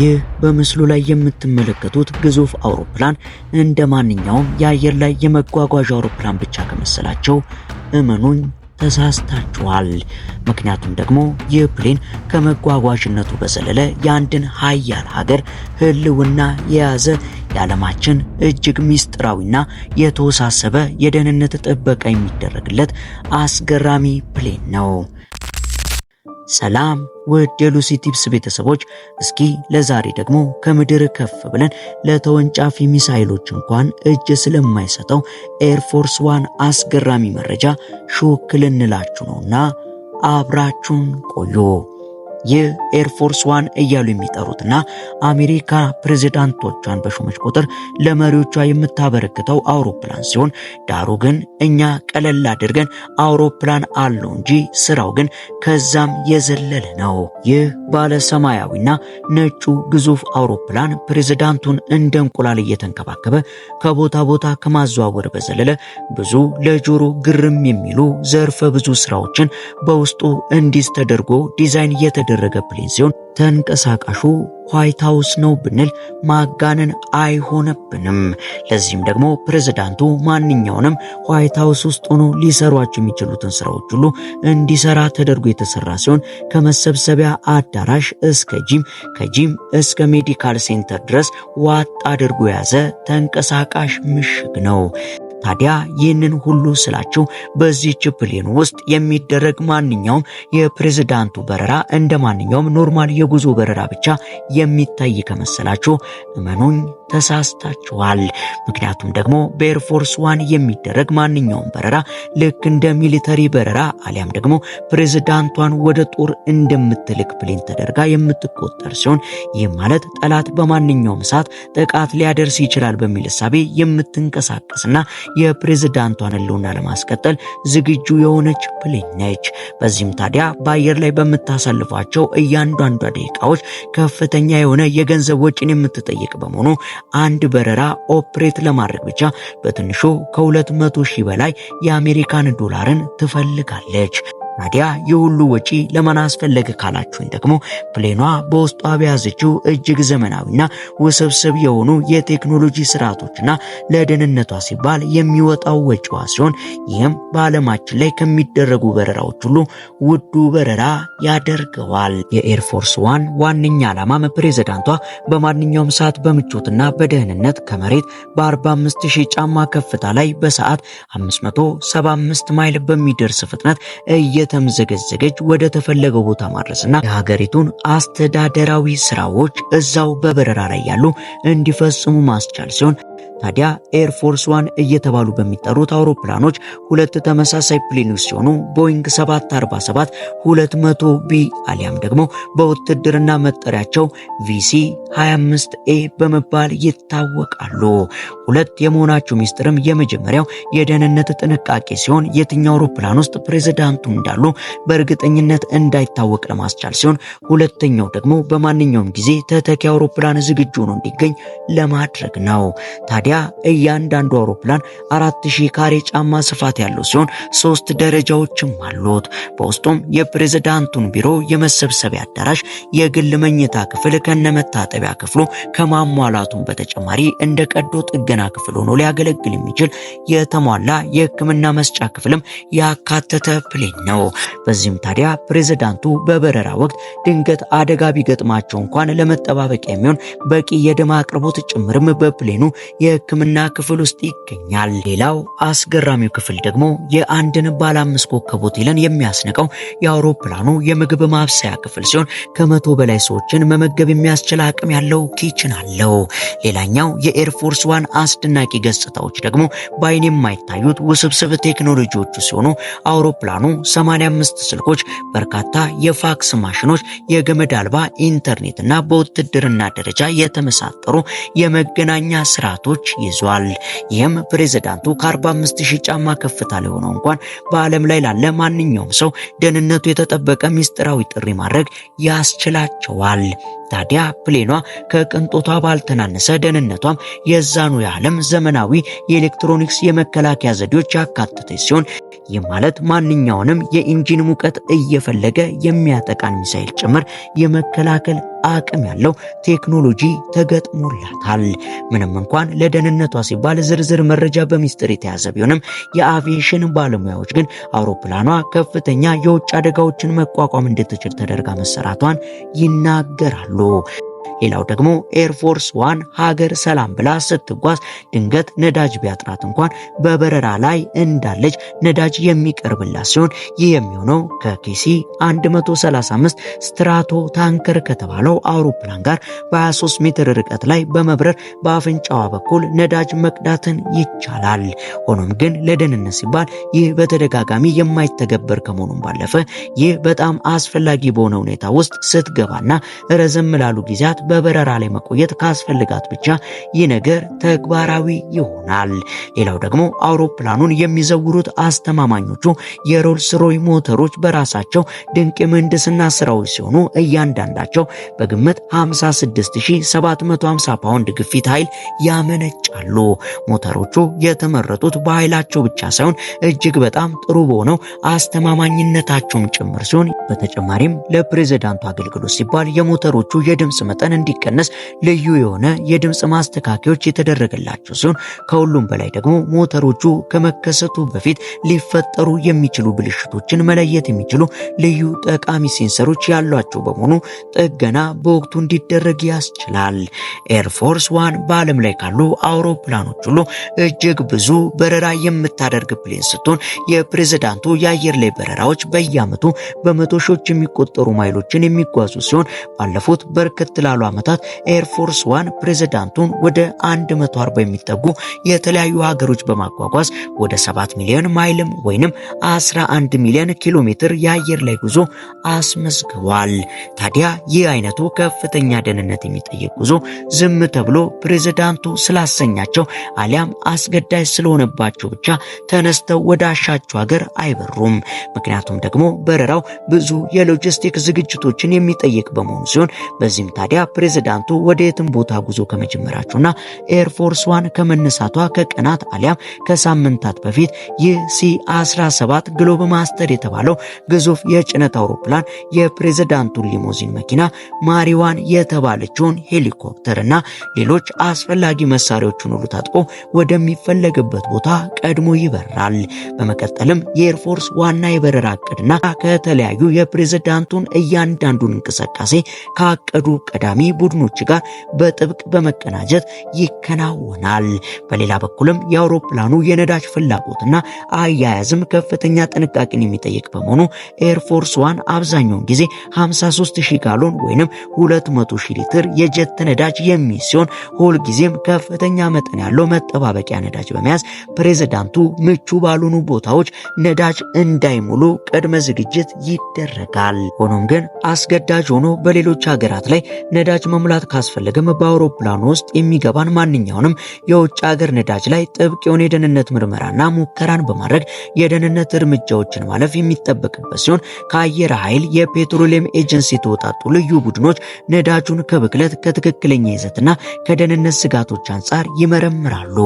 ይህ በምስሉ ላይ የምትመለከቱት ግዙፍ አውሮፕላን እንደ ማንኛውም የአየር ላይ የመጓጓዣ አውሮፕላን ብቻ ከመሰላቸው እመኑኝ ተሳስታችኋል። ምክንያቱም ደግሞ ይህ ፕሌን ከመጓጓዥነቱ በዘለለ የአንድን ሀያል ሀገር ሕልውና የያዘ የዓለማችን እጅግ ሚስጥራዊና የተወሳሰበ የደህንነት ጥበቃ የሚደረግለት አስገራሚ ፕሌን ነው። ሰላም ውድ የሉሲ ቲፕስ ቤተሰቦች፣ እስኪ ለዛሬ ደግሞ ከምድር ከፍ ብለን ለተወንጫፊ ሚሳይሎች እንኳን እጅ ስለማይሰጠው ኤርፎርስ ዋን አስገራሚ መረጃ ሹክ ልንላችሁ ነውና አብራችሁን ቆዩ። የኤርፎርስ ዋን እያሉ የሚጠሩትና አሜሪካ ፕሬዚዳንቶቿን በሾመች ቁጥር ለመሪዎቿ የምታበረክተው አውሮፕላን ሲሆን ዳሩ ግን እኛ ቀለል አድርገን አውሮፕላን አለው እንጂ ስራው ግን ከዛም የዘለለ ነው። ይህ ባለ ሰማያዊና ነጩ ግዙፍ አውሮፕላን ፕሬዚዳንቱን እንደ እንቁላል እየተንከባከበ ከቦታ ቦታ ከማዘዋወር በዘለለ ብዙ ለጆሮ ግርም የሚሉ ዘርፈ ብዙ ስራዎችን በውስጡ እንዲስ ተደርጎ ዲዛይን እየተደ የተደረገ ፕሌን ሲሆን ተንቀሳቃሹ ዋይት ሀውስ ነው ብንል ማጋነን አይሆነብንም። ለዚህም ደግሞ ፕሬዝዳንቱ ማንኛውንም ዋይት ውስጥ ሆኖ ሊሰሯቸው የሚችሉትን ስራዎች ሁሉ እንዲሰራ ተደርጎ የተሰራ ሲሆን ከመሰብሰቢያ አዳራሽ እስከ ጂም፣ ከጂም እስከ ሜዲካል ሴንተር ድረስ ዋጥ አድርጎ የያዘ ተንቀሳቃሽ ምሽግ ነው። ታዲያ ይህንን ሁሉ ስላችሁ በዚህች ፕሌን ውስጥ የሚደረግ ማንኛውም የፕሬዝዳንቱ በረራ እንደ ማንኛውም ኖርማል የጉዞ በረራ ብቻ የሚታይ ከመሰላችሁ እመኑኝ ተሳስታችኋል። ምክንያቱም ደግሞ በኤርፎርስ ዋን የሚደረግ ማንኛውም በረራ ልክ እንደ ሚሊተሪ በረራ አሊያም ደግሞ ፕሬዝዳንቷን ወደ ጦር እንደምትልክ ፕሌን ተደርጋ የምትቆጠር ሲሆን ይህ ማለት ጠላት በማንኛውም ሰዓት ጥቃት ሊያደርስ ይችላል በሚል እሳቤ የምትንቀሳቀስና የፕሬዝዳንቷን ህልውና ለማስቀጠል ዝግጁ የሆነች ፕሌን ነች። በዚህም ታዲያ በአየር ላይ በምታሳልፏቸው እያንዳንዷ ደቂቃዎች ከፍተኛ የሆነ የገንዘብ ወጪን የምትጠይቅ በመሆኑ አንድ በረራ ኦፕሬት ለማድረግ ብቻ በትንሹ ከ መቶ ሺህ በላይ የአሜሪካን ዶላርን ትፈልጋለች። ታዲያ የሁሉ ወጪ ለምን አስፈለገ ካላችሁኝ ደግሞ ፕሌኗ በውስጧ በያዘችው እጅግ ዘመናዊና ውስብስብ የሆኑ የቴክኖሎጂ ስርዓቶችና ለደህንነቷ ሲባል የሚወጣው ወጪዋ ሲሆን ይህም በዓለማችን ላይ ከሚደረጉ በረራዎች ሁሉ ውዱ በረራ ያደርገዋል። የኤርፎርስ ዋን ዋነኛ ዓላማም ፕሬዚዳንቷ በማንኛውም ሰዓት በምቾትና በደህንነት ከመሬት በ45 ጫማ ከፍታ ላይ በሰዓት 575 ማይል በሚደርስ ፍጥነት እየ ከተምዘገዘገች ወደ ተፈለገው ቦታ ማድረስና የሀገሪቱን አስተዳደራዊ ስራዎች እዛው በበረራ ላይ ያሉ እንዲፈጽሙ ማስቻል ሲሆን ታዲያ ኤርፎርስ ዋን እየተባሉ በሚጠሩት አውሮፕላኖች ሁለት ተመሳሳይ ፕሊኖች ሲሆኑ ቦይንግ 747 200 ቢ አሊያም ደግሞ በውትድርና መጠሪያቸው ቪሲ 25 ኤ በመባል ይታወቃሉ። ሁለት የመሆናቸው ሚስጥርም የመጀመሪያው የደህንነት ጥንቃቄ ሲሆን የትኛው አውሮፕላን ውስጥ ፕሬዝዳንቱ እንዳሉ በእርግጠኝነት እንዳይታወቅ ለማስቻል ሲሆን፣ ሁለተኛው ደግሞ በማንኛውም ጊዜ ተተኪ አውሮፕላን ዝግጁ ሆኖ እንዲገኝ ለማድረግ ነው። ታዲያ እያንዳንዱ አውሮፕላን 4000 ካሬ ጫማ ስፋት ያለው ሲሆን ሶስት ደረጃዎችም አሉት። በውስጡም የፕሬዝዳንቱን ቢሮ፣ የመሰብሰቢያ አዳራሽ፣ የግል መኝታ ክፍል ከነመታጠቢያ ክፍሉ ከማሟላቱን በተጨማሪ እንደ ቀዶ ጥገና ክፍል ሆኖ ሊያገለግል የሚችል የተሟላ የሕክምና መስጫ ክፍልም ያካተተ ፕሌን ነው። በዚህም ታዲያ ፕሬዝዳንቱ በበረራ ወቅት ድንገት አደጋ ቢገጥማቸው እንኳን ለመጠባበቂያ የሚሆን በቂ የደም አቅርቦት ጭምርም በፕሌኑ የሕክምና ክፍል ውስጥ ይገኛል። ሌላው አስገራሚው ክፍል ደግሞ የአንድን ባለ አምስት ኮከብ ሆቴልን የሚያስንቀው የአውሮፕላኑ የምግብ ማብሰያ ክፍል ሲሆን ከመቶ በላይ ሰዎችን መመገብ የሚያስችል አቅም ያለው ኪችን አለው። ሌላኛው የኤርፎርስ ዋን አስደናቂ ገጽታዎች ደግሞ በአይን የማይታዩት ውስብስብ ቴክኖሎጂዎቹ ሲሆኑ አውሮፕላኑ 85 ስልኮች፣ በርካታ የፋክስ ማሽኖች፣ የገመድ አልባ ኢንተርኔትና በውትድርና ደረጃ የተመሳጠሩ የመገናኛ ስርዓቱ ሪፖርቶች ይዟል። ይህም ፕሬዝዳንቱ ከ45 ሺ ጫማ ከፍታ ላይ ሆነው እንኳን በዓለም ላይ ላለ ማንኛውም ሰው ደህንነቱ የተጠበቀ ሚስጥራዊ ጥሪ ማድረግ ያስችላቸዋል። ታዲያ ፕሌኗ ከቅንጦቷ ባልተናነሰ ደህንነቷም የዛኑ የዓለም ዘመናዊ የኤሌክትሮኒክስ የመከላከያ ዘዴዎች ያካተተች ሲሆን ይህ ማለት ማንኛውንም የኢንጂን ሙቀት እየፈለገ የሚያጠቃን ሚሳኤል ጭምር የመከላከል አቅም ያለው ቴክኖሎጂ ተገጥሞላታል። ምንም እንኳን ለደህንነቷ ሲባል ዝርዝር መረጃ በሚስጥር የተያዘ ቢሆንም የአቪዬሽን ባለሙያዎች ግን አውሮፕላኗ ከፍተኛ የውጭ አደጋዎችን መቋቋም እንድትችል ተደርጋ መሰራቷን ይናገራሉ። ሌላው ደግሞ ኤርፎርስ ዋን ሀገር ሰላም ብላ ስትጓዝ ድንገት ነዳጅ ቢያጥራት እንኳን በበረራ ላይ እንዳለች ነዳጅ የሚቀርብላት ሲሆን ይህ የሚሆነው ከኬሲ 135 ስትራቶ ታንከር ከተባለው አውሮፕላን ጋር በ23 ሜትር ርቀት ላይ በመብረር በአፍንጫዋ በኩል ነዳጅ መቅዳትን ይቻላል። ሆኖም ግን ለደህንነት ሲባል ይህ በተደጋጋሚ የማይተገበር ከመሆኑም ባለፈ ይህ በጣም አስፈላጊ በሆነ ሁኔታ ውስጥ ስትገባና ረዘም ላሉ ጊዜያት በበረራ ላይ መቆየት ካስፈልጋት ብቻ ይህ ነገር ተግባራዊ ይሆናል። ሌላው ደግሞ አውሮፕላኑን የሚዘውሩት አስተማማኞቹ የሮልስ ሮይ ሞተሮች በራሳቸው ድንቅ የምህንድስና ስራዎች ሲሆኑ እያንዳንዳቸው በግምት 56750 ፓውንድ ግፊት ኃይል ያመነጫሉ። ሞተሮቹ የተመረጡት በኃይላቸው ብቻ ሳይሆን እጅግ በጣም ጥሩ በሆነው አስተማማኝነታቸውም ጭምር ሲሆን በተጨማሪም ለፕሬዝዳንቱ አገልግሎት ሲባል የሞተሮቹ የድምፅ መጠን እንዲቀነስ ልዩ የሆነ የድምፅ ማስተካከዮች የተደረገላቸው ሲሆን ከሁሉም በላይ ደግሞ ሞተሮቹ ከመከሰቱ በፊት ሊፈጠሩ የሚችሉ ብልሽቶችን መለየት የሚችሉ ልዩ ጠቃሚ ሴንሰሮች ያሏቸው በመሆኑ ጥገና በወቅቱ እንዲደረግ ያስችላል። ኤርፎርስ ዋን በዓለም ላይ ካሉ አውሮፕላኖች ሁሉ እጅግ ብዙ በረራ የምታደርግ ፕሌን ስትሆን የፕሬዝዳንቱ የአየር ላይ በረራዎች በየዓመቱ በመቶ ሺዎች የሚቆጠሩ ማይሎችን የሚጓዙ ሲሆን ባለፉት በርከት ላሉ ዓመታት ኤርፎርስ ዋን ፕሬዝዳንቱን ወደ 140 የሚጠጉ የተለያዩ ሀገሮች በማጓጓዝ ወደ 7 ሚሊዮን ማይልም ወይንም 11 ሚሊዮን ኪሎ ሜትር የአየር ላይ ጉዞ አስመዝግቧል። ታዲያ ይህ አይነቱ ከፍተኛ ደህንነት የሚጠይቅ ጉዞ ዝም ተብሎ ፕሬዝዳንቱ ስላሰኛቸው አሊያም አስገዳጅ ስለሆነባቸው ብቻ ተነስተው ወደ አሻቸው ሀገር አይበሩም። ምክንያቱም ደግሞ በረራው ብዙ የሎጂስቲክ ዝግጅቶችን የሚጠይቅ በመሆኑ ሲሆን በዚህም ታዲያ ፕሬዝዳንቱ ወደ የትም ቦታ ጉዞ ከመጀመራቸውና ኤርፎርስ ዋን ከመነሳቷ ከቀናት አሊያም ከሳምንታት በፊት ይህ ሲ17 ግሎብ ማስተር የተባለው ግዙፍ የጭነት አውሮፕላን የፕሬዝዳንቱን ሊሞዚን መኪና፣ ማሪዋን የተባለችውን ሄሊኮፕተር እና ሌሎች አስፈላጊ መሳሪያዎችን ሁሉ ታጥቆ ወደሚፈለግበት ቦታ ቀድሞ ይበራል። በመቀጠልም የኤርፎርስ ዋና የበረራ እቅድና ከተለያዩ የፕሬዝዳንቱን እያንዳንዱን እንቅስቃሴ ካቀዱ ቀዳሚ ተፋላሚ ቡድኖች ጋር በጥብቅ በመቀናጀት ይከናወናል። በሌላ በኩልም የአውሮፕላኑ የነዳጅ ፍላጎትና አያያዝም ከፍተኛ ጥንቃቄን የሚጠይቅ በመሆኑ ኤርፎርስ ዋን አብዛኛውን ጊዜ 53 ጋሎን ወይንም 200 ሊትር የጀት ነዳጅ የሚይዝ ሲሆን ሁልጊዜም ከፍተኛ መጠን ያለው መጠባበቂያ ነዳጅ በመያዝ ፕሬዝዳንቱ ምቹ ባልሆኑ ቦታዎች ነዳጅ እንዳይሞሉ ቅድመ ዝግጅት ይደረጋል። ሆኖም ግን አስገዳጅ ሆኖ በሌሎች ሀገራት ላይ ነዳ ነዳጅ መሙላት ካስፈለገም በአውሮፕላን ውስጥ የሚገባን ማንኛውንም የውጭ ሀገር ነዳጅ ላይ ጥብቅ የሆነ የደህንነት ምርመራና ሙከራን በማድረግ የደህንነት እርምጃዎችን ማለፍ የሚጠበቅበት ሲሆን ከአየር ኃይል የፔትሮሊየም ኤጀንሲ የተወጣጡ ልዩ ቡድኖች ነዳጁን ከብክለት ከትክክለኛ ይዘትና ከደህንነት ስጋቶች አንጻር ይመረምራሉ።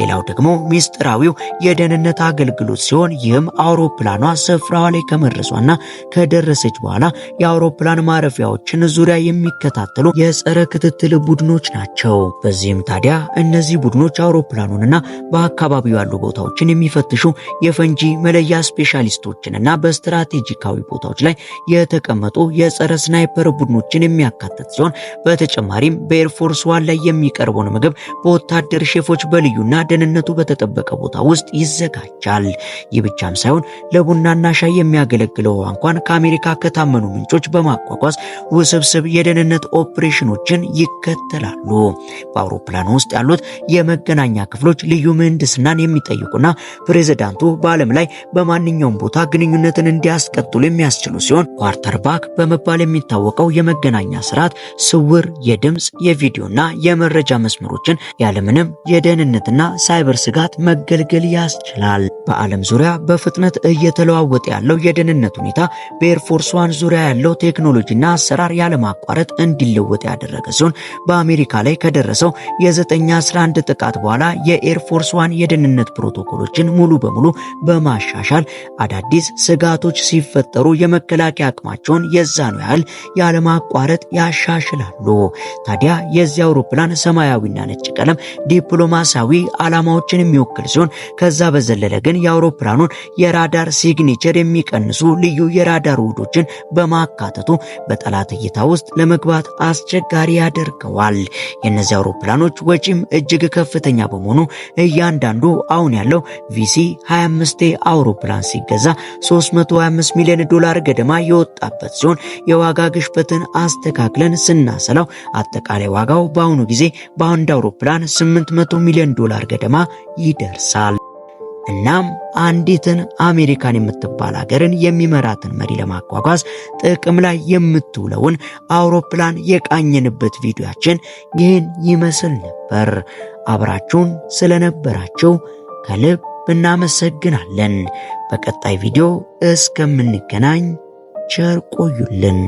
ሌላው ደግሞ ሚስጥራዊው የደህንነት አገልግሎት ሲሆን ይህም አውሮፕላኗ ስፍራዋ ላይ ከመድረሷና ከደረሰች በኋላ የአውሮፕላን ማረፊያዎችን ዙሪያ የሚከታተል የሚከታተሉ የጸረ ክትትል ቡድኖች ናቸው። በዚህም ታዲያ እነዚህ ቡድኖች አውሮፕላኑንና በአካባቢው ያሉ ቦታዎችን የሚፈትሹ የፈንጂ መለያ ስፔሻሊስቶችንና በስትራቴጂካዊ ቦታዎች ላይ የተቀመጡ የጸረ ስናይፐር ቡድኖችን የሚያካትት ሲሆን በተጨማሪም በኤርፎርስ ዋን ላይ የሚቀርበውን ምግብ በወታደር ሼፎች በልዩና ደህንነቱ በተጠበቀ ቦታ ውስጥ ይዘጋጃል። ይህ ብቻም ሳይሆን ለቡናና ሻይ የሚያገለግለው እንኳን ከአሜሪካ ከታመኑ ምንጮች በማቋቋስ ውስብስብ የደህንነት ኦ ኦፕሬሽኖችን ይከተላሉ። በአውሮፕላን ውስጥ ያሉት የመገናኛ ክፍሎች ልዩ ምህንድስናን የሚጠይቁና ፕሬዝዳንቱ በዓለም ላይ በማንኛውም ቦታ ግንኙነትን እንዲያስቀጥሉ የሚያስችሉ ሲሆን ኳርተርባክ በመባል የሚታወቀው የመገናኛ ስርዓት ስውር የድምፅ የቪዲዮና የመረጃ መስመሮችን ያለምንም የደህንነትና ሳይበር ስጋት መገልገል ያስችላል። በዓለም ዙሪያ በፍጥነት እየተለዋወጠ ያለው የደህንነት ሁኔታ በኤርፎርስ ዋን ዙሪያ ያለው ቴክኖሎጂና አሰራር ያለማቋረጥ እንዲለ እንዲለወጥ ያደረገ ሲሆን በአሜሪካ ላይ ከደረሰው የ911 ጥቃት በኋላ የኤርፎርስ ዋን የደህንነት ፕሮቶኮሎችን ሙሉ በሙሉ በማሻሻል አዳዲስ ስጋቶች ሲፈጠሩ የመከላከያ አቅማቸውን የዛኑ ያህል ያለማቋረጥ ያሻሽላሉ። ታዲያ የዚህ አውሮፕላን ሰማያዊና ነጭ ቀለም ዲፕሎማሲያዊ ዓላማዎችን የሚወክል ሲሆን ከዛ በዘለለ ግን የአውሮፕላኑን የራዳር ሲግኒቸር የሚቀንሱ ልዩ የራዳር ውህዶችን በማካተቱ በጠላት እይታ ውስጥ ለመግባት አስቸጋሪ ያደርገዋል። የእነዚህ አውሮፕላኖች ወጪም እጅግ ከፍተኛ በመሆኑ እያንዳንዱ አሁን ያለው ቪሲ 25 አውሮፕላን ሲገዛ 325 ሚሊዮን ዶላር ገደማ የወጣበት ሲሆን የዋጋ ግሽበትን አስተካክለን ስናሰላው አጠቃላይ ዋጋው በአሁኑ ጊዜ በአንድ አውሮፕላን 800 ሚሊዮን ዶላር ገደማ ይደርሳል። እናም አንዲትን አሜሪካን የምትባል ሀገርን የሚመራትን መሪ ለማጓጓዝ ጥቅም ላይ የምትውለውን አውሮፕላን የቃኘንበት ቪዲዮአችን ይህን ይመስል ነበር። አብራችሁን ስለነበራችሁ ከልብ እናመሰግናለን። በቀጣይ ቪዲዮ እስከምንገናኝ ቸር ቆዩልን።